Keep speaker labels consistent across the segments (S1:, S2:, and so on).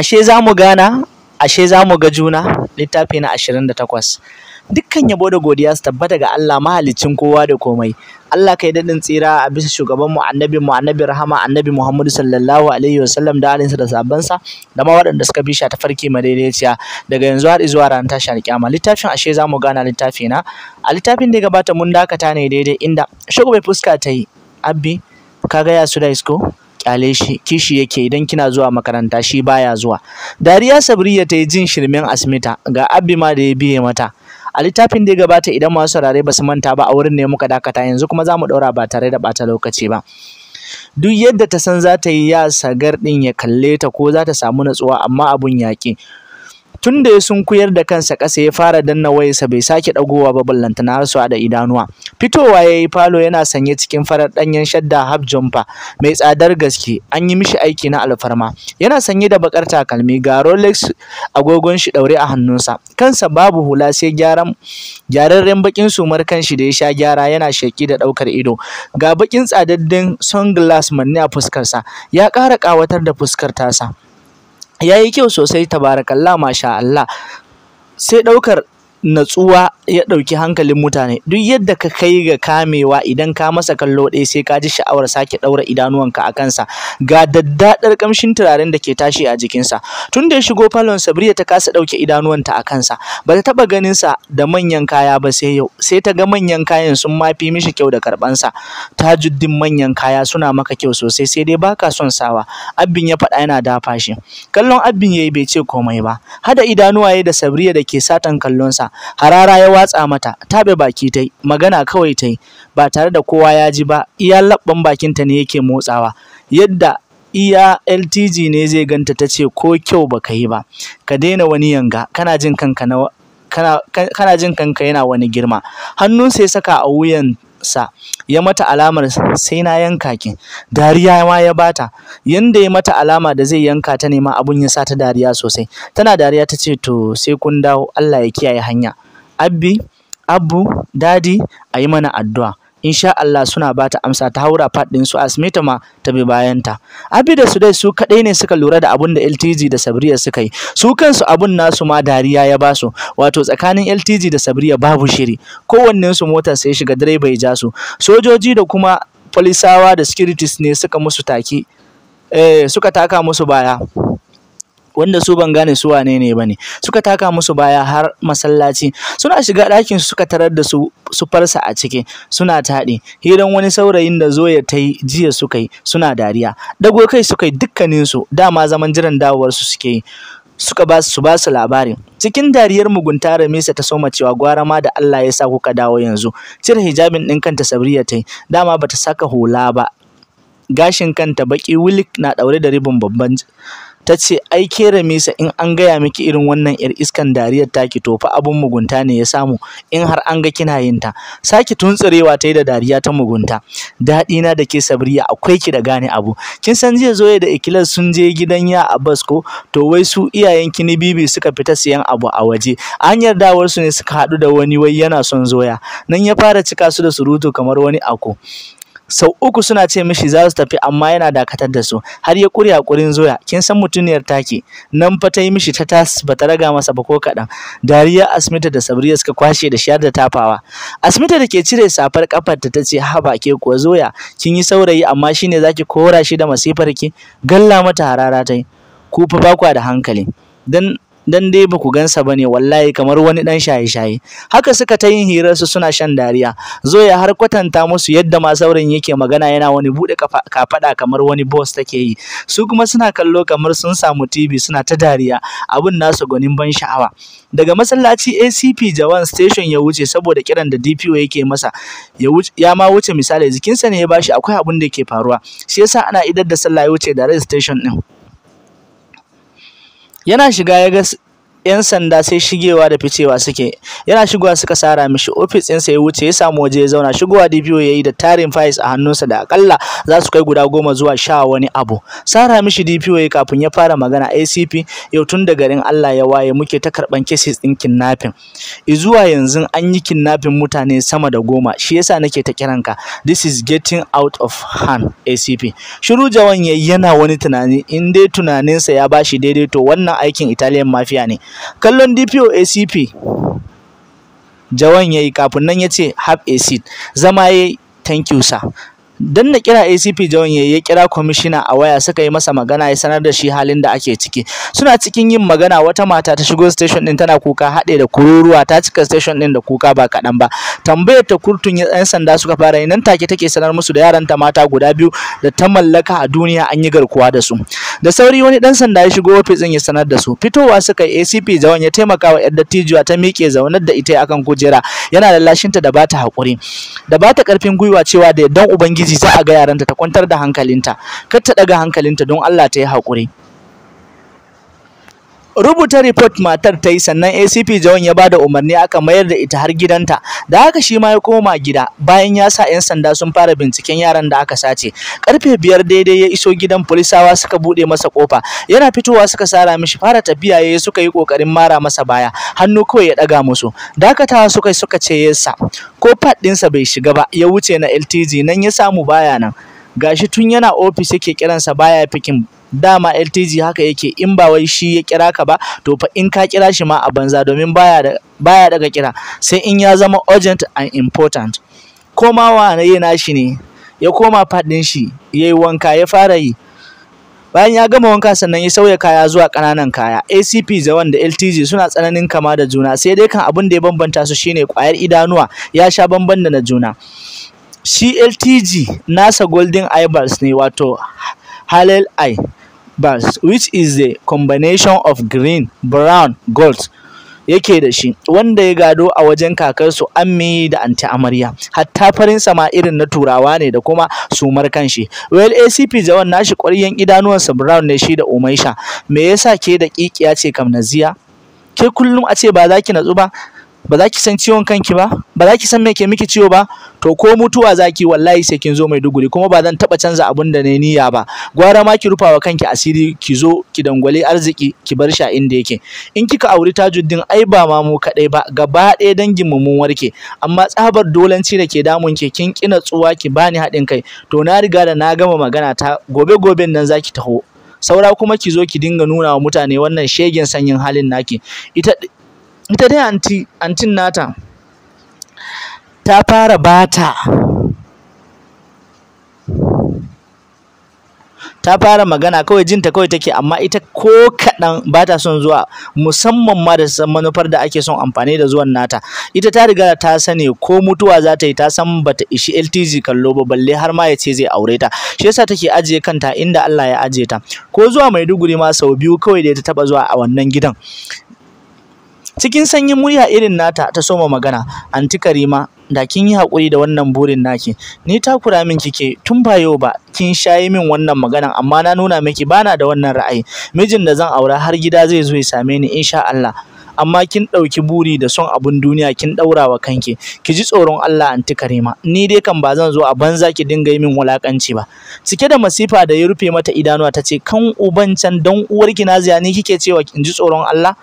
S1: ashe za mu gana ashe za mu ga juna littafi na takwas. dukkan yabo da godiya su tabbata ga Allah mahalicin kowa da komai Allah kai daɗin tsira a bisa shugabanmu annabi mu annabi rahama annabi Muhammadu sallallahu alaihi wasallam da alinsa da sabansa da ma waɗanda suka bi shi ma farki madaidaiciya daga yanzu har zuwa ran tashar alƙiyama littafin ashe za mu gana littafi na a littafin da ya gabata mun dakata ne daidai inda shugaban fuska ta yi abbi Ka gaya su da isko kyale shi kishi yake idan kina zuwa makaranta shi baya zuwa dariya sabriya ta yi jin shirmen asmita ga abbi ma da ya biye mata a littafin da ya gabata idan masu saurare ba su manta ba a wurin ne muka dakata yanzu kuma za mu ɗaura ba tare da bata lokaci ba duk yadda ta san za ta yi ya sagar ɗin ya kalle ta ko za ta samu natsuwa amma abun yaƙi tun da ya sunkuyar da kansa ƙasa ya fara danna wayarsa bai sake ɗagowa ba ballanta na su da idanuwa fitowa ya yi falo yana sanye cikin farar ɗanyen shadda hab jumper mai tsadar gaske an yi mishi aiki na alfarma yana sanye da baƙar takalmi ga rolex agogon shi ɗaure a hannunsa kansa babu hula sai gyaran gyararren bakin sumar shi da ya sha gyara yana sheki da ɗaukar ido ga bakin tsadaddin sunglass manne a fuskarsa ya ƙara ƙawatar da fuskar tasa ya yi kyau sosai tabarakallah masha Allah sai ɗaukar natsuwa ya ɗauki hankalin mutane duk yadda ka kai ga kamewa idan ka masa kallo ɗaya sai ka ji sha'awar sake ɗaura idanuwanka a kansa ga daddaɗar ƙamshin turaren da ke tashi a jikinsa tun da ya shigo falon sabriya ta kasa ɗauke idanuwanta a kansa ba ta taɓa ganinsa da manyan kaya ba sai yau sai ta ga manyan kayan sun ma fi mishi kyau da karɓansa Ta jiddin manyan kaya suna maka kyau sosai sai dai baka son sawa abin ya faɗa yana dafa shi kallon abin yayi bai ce komai ba hada idanuwaye da sabriya da ke satan kallonsa harara ya watsa mata tabe baki tai magana kawai tai ba tare da kowa ya ji ba iya labban bakinta ne yake motsawa yadda iya LTG ne zai ganta ta ce ko kyau baka yi ba ka daina wani yanga kana jin kanka na kana jin kanka yana wani girma hannunsa ya saka a wuyan sa ya mata alamar sai na yanka ki dariya ma ya bata yanda ya mata alama da zai yanka ta ne ma abun ya sa ta dariya sosai tana dariya ta ce to sai kun dawo Allah ya kiyaye hanya abbi abbu dadi a yi mana addu'a insha Allah suna bata amsa ta haura faɗin din su Asmita ma ta bi bayanta Abi da Sudai su kaɗai ne suka lura da abun da LTG da Sabriya suka yi su kansu abun nasu ma dariya ya basu wato tsakanin LTG da Sabriya babu shiri kowannen su motar sai shiga direba ya ja su sojoji da kuma polisawa da securities ne suka musu take eh suka taka musu baya wanda su ban gane su wane ne bane suka taka musu baya har masallaci suna shiga ɗakin suka tarar da su su farsa a ciki suna taɗi hiran wani saurayin da zo ya yi jiya suka yi suna dariya dago kai suka yi dukkanin su dama zaman jiran dawowar su suke yi suka ba su ba su labarin cikin dariyar mugunta Ramisa ta soma cewa gwara ma da Allah ya sa kuka dawo yanzu cire hijabin ɗin kanta Sabriya ta yi dama bata saka hula ba gashin kanta baki wilik na ɗaure da ribin babban ta ce ai ke in an gaya miki irin wannan yar iskan dariyar taki to fa abun mugunta ne ya samu in har an ga kina yin ta saki tuntsurewa ta yi da dariya ta mugunta daɗi na da ke sabriya akwai ki da gane abu kin san jiya zoye da ikilas sun je gidan ya abbas ko to wai su iyayen kini bibi suka fita siyan abu a waje an yardawar su ne suka haɗu da wani wai yana son zoya nan ya fara cika su da surutu kamar wani ako sau uku suna ce mishi za su tafi amma yana dakatar da su har ya kuri haƙurin zoya kin san mutuniyar take nan fa ta yi mishi ta tas ba ta raga masa ba ko kaɗan dariya asmita da sabriya suka kwashe da shiyar da tafawa asmita da ke cire safar kafarta ta ce ba ke ko zoya kin yi saurayi amma shine zaki kora shi da masifar ki galla mata harara ta yi ku fa ba da hankali dan dan dai ku gansa ba ne, wallahi kamar wani dan shaye-shaye haka suka ta yin hirar su suna shan dariya Zo ya har kwatanta musu yadda ma saurin yake magana yana wani bude kafaɗa kamar wani boss take yi su kuma suna kallo kamar sun samu TV suna ta dariya abun nasu gwanin ban sha'awa daga masallaci ACP Jawan station ya wuce saboda kiran da DPO yake masa ya ya ma wuce misali jikinsa ne ya bashi akwai abun da ke faruwa shi yasa ana idar da sallah ya wuce da station din Yana shiga ya ga 'yan sanda sai shigewa da ficewa suke yana shigowa suka sara mishi ofis ɗinsa ya wuce ya samu waje ya zauna shigowa DPO ya yi da tarin files a hannunsa da akalla za su kai guda goma zuwa sha wani abu sara mishi DPO ya kafin ya fara magana ACP yau tun da garin Allah ya waye muke ta karban cases ɗin kidnapping zuwa yanzu an yi kidnapping mutane sama da goma shi yasa nake ta kiranka this is getting out of hand ACP shiru jawan yayi yana wani tunani in dai tunaninsa ya bashi daidai to wannan aikin Italian mafia ne kallon DPO ACP Jawan ya yi kafin nan ya ce have a seat zama ya yi thank you sir dan na kira ACP John ya kira kwamishina a waya suka yi masa magana ya sanar da shi halin da ake ciki suna cikin yin magana wata mata ta shigo station din tana kuka haɗe da kururuwa ta cika station din da kuka ba kaɗan ba tambayar ta kurtun yan sanda suka fara yi nan take take sanar musu da yaranta mata guda biyu da ta mallaka a duniya an yi garkuwa da su da sauri wani dan sanda ya shigo ofis din ya sanar da su fitowa suka yi ACP John ya taimaka wa yar dattijuwa ta miƙe zaunar da ita akan kujera yana lallashinta da bata haƙuri da bata ƙarfin gwiwa cewa da dan ubangiji za a ga yaranta ta kwantar da hankalinta kar ta daga hankalinta don Allah ta yi hakuri. rubuta report matar ta yi sannan acp jawan ya ba da umarni aka mayar da ita har gidanta da haka shi ma ya koma gida bayan ya sa 'yan sanda sun fara binciken yaran da aka sace karfe biyar daidai ya iso gidan polisawa suka bude masa kofa yana fitowa suka sara mishi fara tafiya yayi suka yi kokarin mara masa baya hannu kawai ya daga musu dakatawa suka suka ce yasa ko fad bai shiga ba ya wuce na ltg nan ya samu baya nan gashi tun yana ofis yake kiransa baya fikin dama LTG haka yake in ba wai shi ya kira ka ba to fa in ka kira shi ma a banza domin baya da baya daga kira sai in ya zama urgent and important koma wane yana shi ne ya koma fadin shi yayi wanka ya fara yi bayan ya gama wanka sannan ya sauya kaya zuwa kananan kaya acp da da ltg suna tsananin kama da juna sai dai kan abun da ya bambanta su shine kwayar idanuwa ya sha bamban da na juna CLTG nasa Golden Ibis ne wato halal Ibis which is a combination of green, brown, gold yake da shi wanda ya gado a wajen kakarsu ammi da anti amarya hatta farin sama irin na turawa ne da kuma sumar kanshi well acp jawan nashi ƙwaryen idanuwansa brown ne shi da umaisha me yasa ke da kikiya ce kam naziya ke kullum a ce ba za ki natsu ba ba za ki san ciwon kanki ba ba za ki san me ke miki ciwo ba to ko mutuwa za ki wallahi sai kin zo mai duguri kuma ba zan taba canza abin da ne niyya ba gwara ma ki rufa wa kanki asiri ki zo ki dangwale arziki ki bar shi a inda yake in kika auri tajuddin ai ba ma mu kadai ba gaba ɗaya dangin mu mun warke amma tsabar dolanci da ke damun ke, kin kina tsuwa ki bani haɗin kai to na riga da na gama magana ta gobe goben nan zaki taho saura kuma ki zo ki dinga nuna wa mutane wannan shegen sanyin halin naki ita ita dai anti antin nata ta fara bata ta fara magana kawai jinta kawai take amma ita ko kaɗan ba ta son zuwa musamman ma da san manufar da ake son amfani da zuwan nata ita ta riga ta sani ko mutuwa za ta yi ta san ba ta ishi LTG kallo ba balle har ma ya ce zai aure ta shi yasa take ajiye kanta inda Allah ya ajiye ta ko zuwa Maiduguri ma sau biyu kawai da ta taba zuwa a wannan gidan cikin sanyin murya irin nata ta soma magana anti karima da kin yi hakuri da wannan burin naki ni takura min kike tun ba yau ba kin shayi min wannan maganan amma na nuna miki bana da wannan ra'ayi mijin da zan aura har gida zai zo ya same ni insha Allah amma kin ɗauki buri da son abun duniya kin ɗaura wa kanki ki ji tsoron Allah anti karima ni dai kan ba zan zo a banza ki dinga yi min wulakanci ba cike da masifa da ya rufe mata idanuwa ta ce kan uban can dan uwarki na ziya ni kike cewa in ji tsoron Allah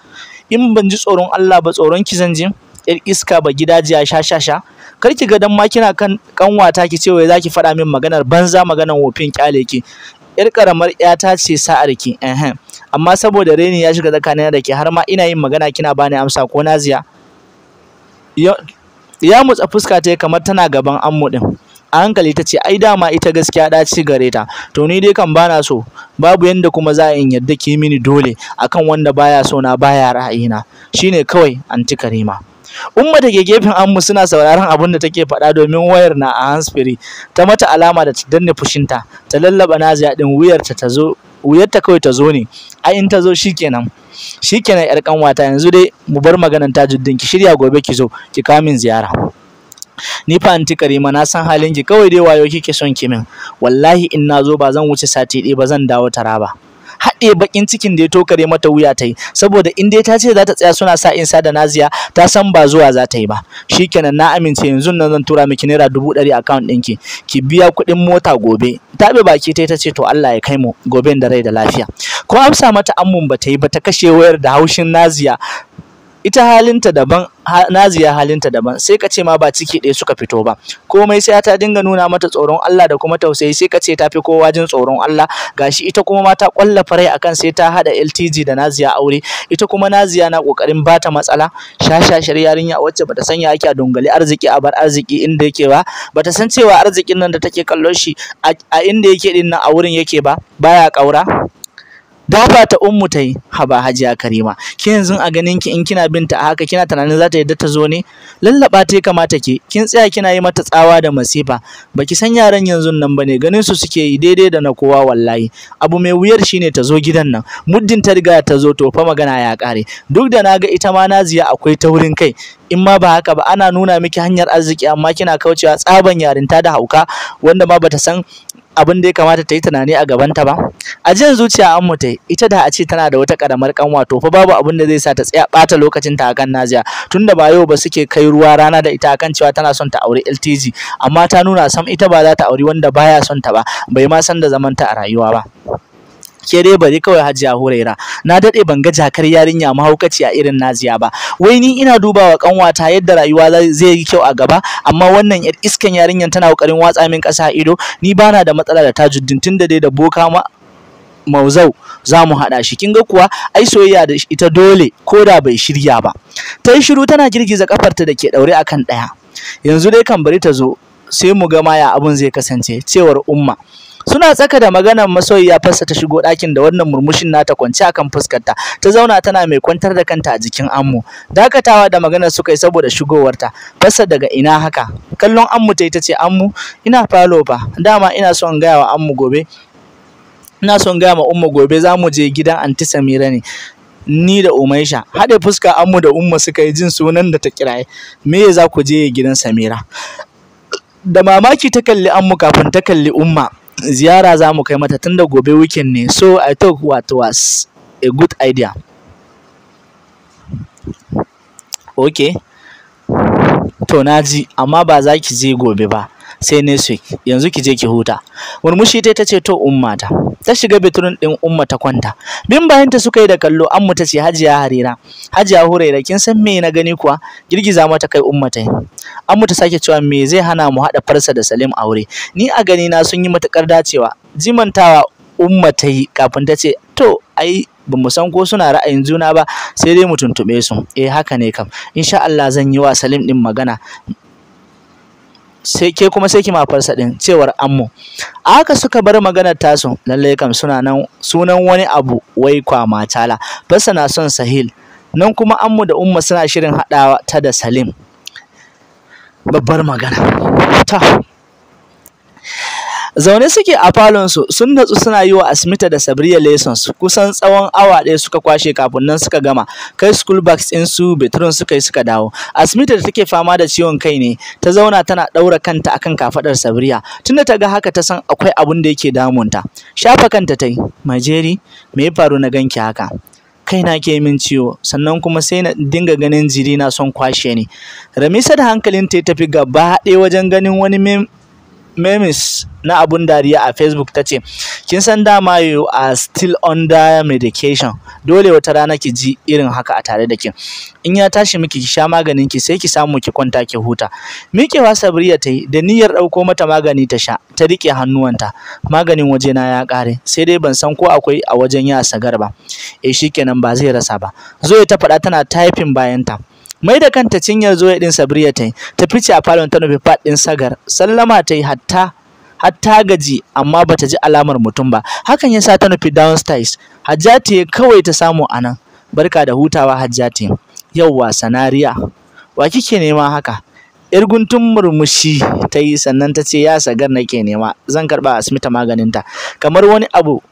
S1: in ban ji tsoron Allah ba tsoron ki zan ji yar iska ba gidajiya sha sha sha kar ki ga dan ma kina kan kanwata ki ce wai zaki faɗa min maganar banza maganar wofin kyale ki yar karamar yata ce sa'ar ki eh amma saboda reni ya shiga tsakanina da ke har ma ina yin magana kina bani amsa ko naziya ya mutsa fuska ta kamar tana gaban ammu din a hankali ta ce ai dama ita gaskiya ɗaci gare ta to ni dai kan bana so babu yanda kuma za in yadda ki mini dole akan wanda baya so na baya ra'ayina shine kawai anti karima umma da ke gefen ammu suna sauraron abin da take faɗa domin wayar na a handsfree ta mata alama da ta danne fushinta ta lallaba naziya din wuyarta ta zo wuyarta kawai ta zo ne ai in ta zo shikenan shikenan yar kanwata yanzu dai mu bar maganan tajuddin ki shirya gobe ki zo ki kamin ziyara ni fa anti karima na san halin ki kawai dai wayo kike son ki min wallahi in nazo ba zan wuce sati ɗaya ba zan dawo taraba haɗe bakin cikin da ya to kare mata wuya ta yi saboda in dai ta ce za ta tsaya suna sa insa da naziya ta san ba zuwa za ta yi ba shikenan na amince yanzu nan zan tura miki naira dubu ɗari account ɗinki ki Ki biya kuɗin mota gobe Ta bi baki ta ta ce to Allah ya kai mu gobe da rai da lafiya ko amsa mata ammun ba ta yi ba ta kashe wayar da haushin naziya ita halinta daban naziya halinta daban sai ka ce ma ba ciki ɗaya suka fito ba komai sai ta dinga nuna mata tsoron Allah da kuma tausayi sai ka ce ta fi kowa jin tsoron Allah gashi ita kuma ma ta kwalla farai akan sai ta hada LTG da naziya aure ita kuma naziya na kokarin ta matsala shashashar yarinya wacce bata sanya ake a dongali arziki a bar arziki inda yake ba bata san cewa arzikin nan da take kallon shi a inda yake din nan a wurin yake ba baya kaura dafa ta ummu ta yi haba hajiya karima ki yanzu a ganin ki in kina binta a haka kina tunanin za ta yadda ta zo ne lallaba ta kamata ke. kin tsaya kina yi mata tsawa da masifa baki san yaran yanzu nan bane ganin su suke yi daidai da na kowa wallahi abu mai wuyar shine ta zo gidan nan muddin ta riga ta zo to fa magana ya kare duk da na ga ita ma naziya akwai ta taurin kai in ma ba haka ba ana nuna miki hanyar arziki amma kina kaucewa tsaban yarinta da hauka wanda ma bata san abin da ya kamata ta yi tunani a gabanta ba a jin zuciya an mutai ita da a ce tana da wata karamar kanwa to fa babu abin da zai sa ta tsaya bata lokacin ta kan Naziya tunda ba yau ba suke kai ruwa rana da ita akan cewa tana son ta aure LTG amma ta nuna sam ita ba za ta auri wanda baya son ta ba bai ma san da zaman ta a rayuwa ba ke dai bari kawai hajiya huraira na daɗe ban ga jakar yarinya mahaukaci a irin naziya ba wai ni ina dubawa kanwata yadda rayuwa zai yi kyau a gaba amma wannan yar iskan yarinyar tana kokarin watsa min ƙasa ido ni bana da matsala da tajuddin tunda dai da boka ma mauzau za mu haɗa shi kin ga kuwa ai soyayya da ita dole ko da bai shirya ba ta yi shiru tana girgiza kafarta da ke ɗaure akan ɗaya yanzu dai kan bari ta zo sai mu ga maya abun zai kasance cewar umma suna tsaka da maganar masoyiya fassa ta shigo ɗakin da wannan murmushin nata kwance akan fuskarta ta zauna tana mai kwantar da kanta a jikin ammu dakatawa da maganar suka yi saboda shigowarta fassa daga ina haka kallon ammu ta ta ce ammu ina falo fa dama ina son gaya wa ammu gobe ina son gaya ma umma gobe za mu je gidan anti samira ne ni da Umaisha haɗe fuska ammu da umma suka yi jin sunan da ta kiraye me za ku je gidan Samira da mamaki ta kalli ammu kafin ta kalli umma ziyara za mu kai mata tunda gobe weekend ne so i thought what was a good idea okay to na ji amma ba za ki je gobe ba sai next week yanzu ki je ki huta murmushi ta ce to ummata. ta shiga bitrun din umma ta kwanta bin ta suka yi da kallo ammu ta ce hajiya harira hajiya huraira kin san me na gani kuwa girgiza mata kai umma ta ammu ta sake cewa me zai hana mu haɗa farsa da salim aure ni a gani na sun yi matukar dacewa jimantawa umma ta yi kafin ta ce to ai ba mu san ko suna ra'ayin juna ba sai dai mu tuntuɓe su eh haka ne kam insha Allah zan yi wa Salim din magana sai ke kuma sai ki ma farsa ɗin, cewar ammu a haka suka bar maganar tasu lallai kam suna nan sunan wani abu wai kwa matala. basa na son sahil nan kuma ammu da umma suna shirin hadawa ta da salim babbar magana ta zaune suke a falonsu sun natsu suna yi wa asmita da sabriya lessons kusan tsawon awa ɗaya suka kwashe kafin nan suka gama kai school bags ɗin su betrun suka yi suka dawo asmita da take fama da ciwon kai ne ta zauna tana ɗaura kanta akan kafaɗar sabriya tunda ta ga haka ta san akwai abun da yake damunta shafa kanta ta yi majeri me ya faru na ganki haka kaina ke min ciwo sannan kuma sai na dinga ganin jiri na son kwashe ni ramisa da hankalin ta tafi gaba ɗaya wajen ganin wani memes na abun dariya a facebook ta ce kin san dama you are still under medication dole wata rana ki ji irin haka a tare da ki in ya tashi miki ki sha maganin ki sai ki samu ki kwanta ki huta wa sabriya ta yi da niyyar ɗauko mata magani ta sha ta rike hannuwanta maganin waje na ya kare sai dai ban san ko akwai a wajen ya sagar ba eh shikenan ba zai rasa ba zo ta faɗa tana typing bayanta mai da kanta cinyar zoya ɗin sabriya ta yi ta fice a falon ta nufi fat ɗin sagar sallama ta yi hatta hatta gaji amma bata ji alamar mutum ba hakan yasa ta nufi downstairs hajjati kawai ta samu a nan. barka da hutawa hajjati yauwa sanariya wa kike nema haka yar guntun murmushi ta yi sannan ta ce ya sagar nake nema zan karba asmita maganinta kamar wani abu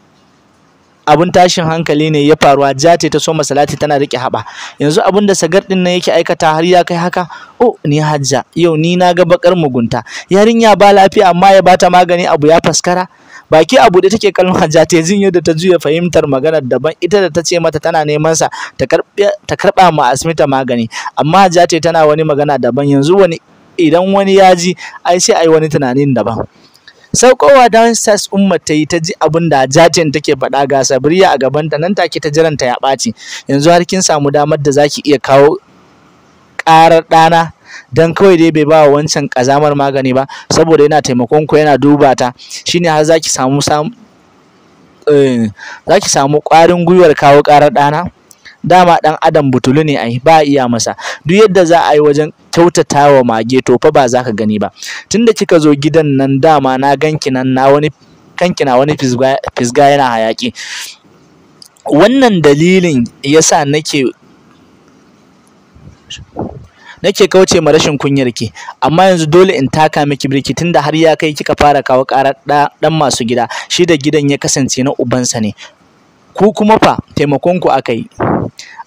S1: abun tashin hankali ne ya faruwa jate ta soma salati tana rike haba yanzu abun da sagar din nan yake aikata har ya kai haka oh ni hajja yau ni na ga bakar mugunta yarinya ba lafiya amma ya bata magani abu ya faskara baki abu da take kallon hajja ta jin yadda ta juya fahimtar maganar daban ita da ta ce mata tana neman sa ta karba ma asmita magani amma hajja tana wani magana daban yanzu wani idan wani ya ji ai sai ai wani tunanin daban saukowa sas umma ta yi ta ji abin da jajin take faɗa ga sabriya a gabanta nan take ta jiranta ya ɓaci yanzu har kin samu damar da zaki iya kawo ƙarar ɗana dan kawai dai bai ba wancan ƙazamar magani ba saboda yana taimakon ku yana duba ta shine har zaki samu eh, zaki samu ƙwarin gwiwar kawo ƙarar ɗana dama ɗan adam butulu ne ai ba iya masa duk yadda za a yi wajen kyautata wa mage to fa ba za ka gani ba tunda kika zo gidan nan dama na ganki nan na wani kanki na wani fisga yana hayaki wannan dalilin yasa nake nake kauce ma rashin kunyar ki amma yanzu dole in taka miki birki tunda har ya kai kika fara kawo karar dan masu gida shi da gidan ya kasance na ubansa ne ku kuma fa taimakon ku aka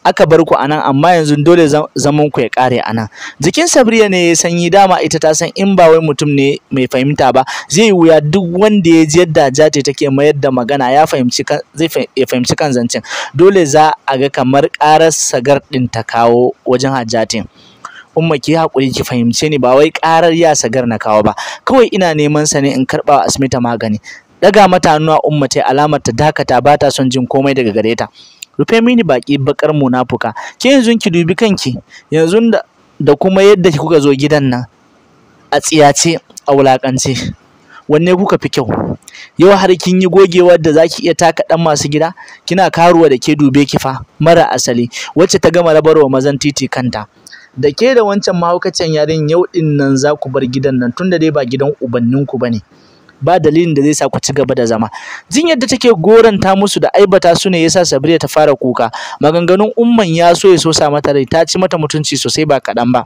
S1: aka bar ku anan amma yanzu dole zaman ku ya kare anan jikin sabriya ne ya sanyi dama ita ta san in ba wai mutum ne mai fahimta ba zai wuya duk wanda ya ji yadda jate take mayar da magana ya fahimci zai fahimci kan zancen dole za a ga kamar karar sagar din ta kawo wajen hajjatin umma ki hakuri ki fahimce ni ba wai karar ya sagar na kawo ba kawai ina neman sa ne in karba asmita magani daga mata hannuwa umma ta alamar ta dakata ba ta son jin komai daga gare ta rufe mini baki bakar munafuka ke yanzu ki dubi kanki yanzu da da kuma yadda kuka zo gidan nan a tsiyace a wulakance wanne kuka fi kyau yau har kin yi gogewa da zaki iya taka dan masu gida kina karuwa da ke dube ki fa mara asali wacce ta gama rabarwa mazan titi kanta da ke da wancan mahaukacin yarin yau din nan za ku bar gidan nan tunda dai ba gidan ubanninku bane ba dalilin da zai sa ku ci gaba da zama jin yadda take goranta musu da aibata su ne yasa Sabriya ta fara kuka maganganun umman ya so ya so sa mata rai ta ci mata mutunci sosai ba kaɗan ba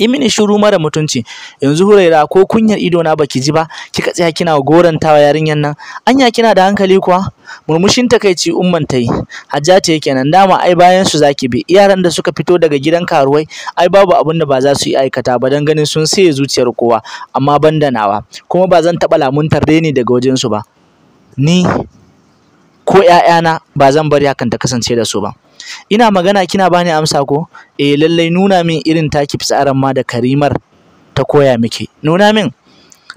S1: yi mini shiru mara mutunci yanzu huraira ko kunyar ido na baki ji ba kika tsaya kina gorantawa yarinyan nan anya kina da hankali kuwa murmushin takaici umman ta yi hajjata yake nan dama ai bayan su zaki bi iyaran da suka fito daga gidan karuwai ai babu abin da ba za su yi aikata ba dan ganin sun sai zuciyar kowa amma ban nawa kuma ba zan taɓa lamuntar reni daga wajen su ba ni ko ‘ya'yana ba zan bari hakan ta kasance da su ba ina magana kina bani amsa ko eh lallai nuna min irin taki fitsarin ma da karimar ta koya miki nuna min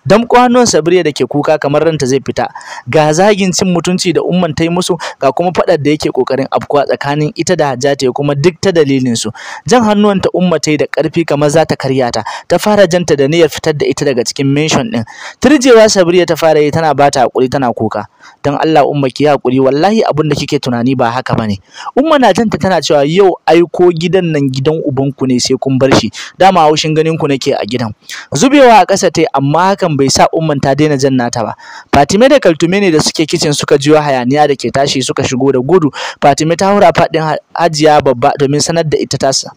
S1: damƙo hannun sabriya da ke kuka kamar ranta zai fita ga zagin cin mutunci da umman ta yi musu ga kuma faɗar da yake ƙoƙarin afkuwa tsakanin ita da hajjata kuma duk ta dalilin su jan hannuwanta umma ta yi da ƙarfi kamar za ta karya ta ta fara janta da niyyar fitar da ita daga cikin menshon ɗin turjewa sabriya ta fara yi tana ba ta haƙuri tana kuka don Allah umma ki haƙuri wallahi abin da kike tunani ba haka bane umma na janta tana cewa yau aiko gidan nan gidan ubanku ne sai kun bar shi dama haushin ganin ku nake a gidan zubewa a ƙasa tai amma hakan hakan bai sa umman ta daina jan nata ba Fatima da kaltume ne da suke kicin suka jiyo hayaniya da ke tashi suka shigo da gudu fatime ta hura faɗin hajiya babba domin sanar da ita tasa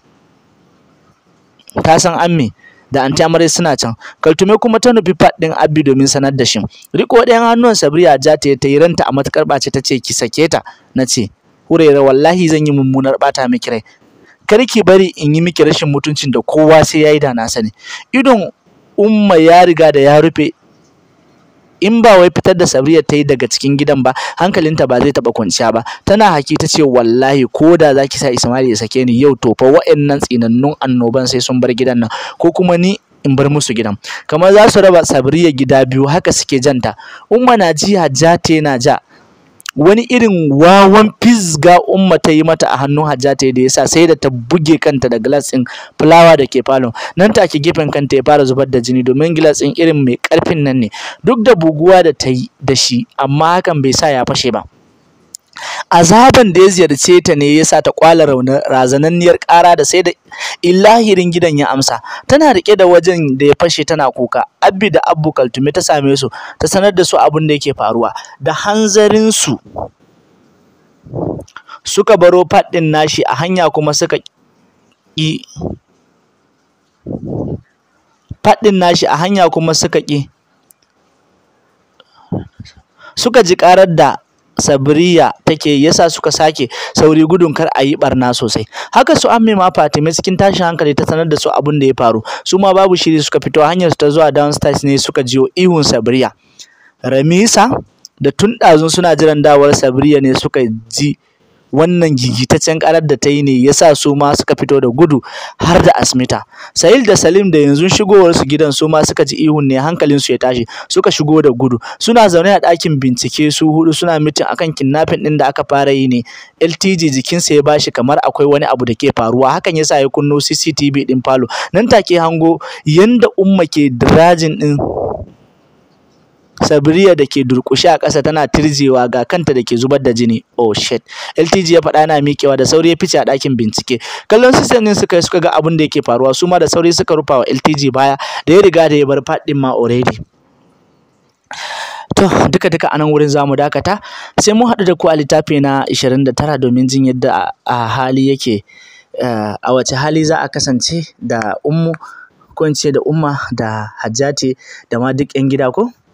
S1: ta san amme da anti amare suna can kaltume kuma ta nufi faɗin abi domin sanar da shi riko ɗayan hannun sabriya ja ta yi ranta a matukar ɓace ta ce ki sake ta na ce hurera wallahi zan yi mummunar Bata miki rai kar ki bari in yi miki rashin mutuncin da kowa sai yayi da na sani idon umma ya riga da ya rufe in ba wai fitar da sabriya ta yi daga cikin gidan ba hankalinta ba zai taba kwanciya ba tana haki ta ce wallahi ko da za ki sa ismail ya sake ni yau to fa wa'annan tsinannun annoban sai sun bar gidan nan ko kuma ni in bar musu gidan kamar za su raba sabriya gida biyu haka suke janta umma na ji hajja na ja wani irin wawan fizga umma ta yi mata a hannun hajja yi da yasa sai da ta buge kanta da glass din fulawa da ke falon nan ta ke gefen kanta ya fara zubar da jini domin glass din irin mai karfin nan ne duk da buguwa da ta yi da shi amma hakan bai sa ya fashe ba azaban da ya ziyarce ta ne ya sa ta kwala razananniyar ƙara da sai da illahirin gidan ya amsa tana riƙe da wajen da ya fashe tana kuka abbi da abbu kaltume ta same su ta sanar da su abin da yake faruwa da hanzarin su suka baro faɗin nashi a hanya kuma suka ƙi faɗin nashi a hanya kuma suka ƙi suka ji ƙarar da sabriya take yasa suka sake sauri gudun kar a yi barna sosai haka su amme ma fatima cikin tashin hankali ta sanar da su abin da ya faru su ma babu shiri suka fito hanyar su ta zuwa downstairs ne suka jiyo ihun sabriya ramisa da tun ɗazun suna jiran dawar sabriya ne suka ji wannan gigitaccen karar da ta yi ne ya sa su ma suka fito da gudu har da asmita sahil da salim da yanzu shigowar su gidan su ma suka ji ihun ne hankalin su ya tashi suka shigo da gudu suna zaune a ɗakin bincike su hudu suna mitin akan kidnapping ɗin da aka fara yi ne ltg jikinsa ya bashi kamar akwai wani abu da ke faruwa hakan ya sa ya kunno cctv ɗin falo nan take hango yanda umma ke dirajin din sabriya da ke durƙushe a ƙasa tana tirjewa ga kanta da ke zubar da jini oh shit ltg ya faɗa yana miƙewa da sauri ya fice a ɗakin bincike kallon sistan ɗin suka suka ga abin da yake faruwa su ma da sauri suka rufa wa ltg baya da ya riga da ya bar faɗin ma already To duka duka anan wurin zamu dakata sai mun haɗu da ku a littafi na 29 domin jin yadda a hali yake eh, a wace hali za a kasance da ummu ko in ce da umma da hajjati da ma duk 'yan gida ko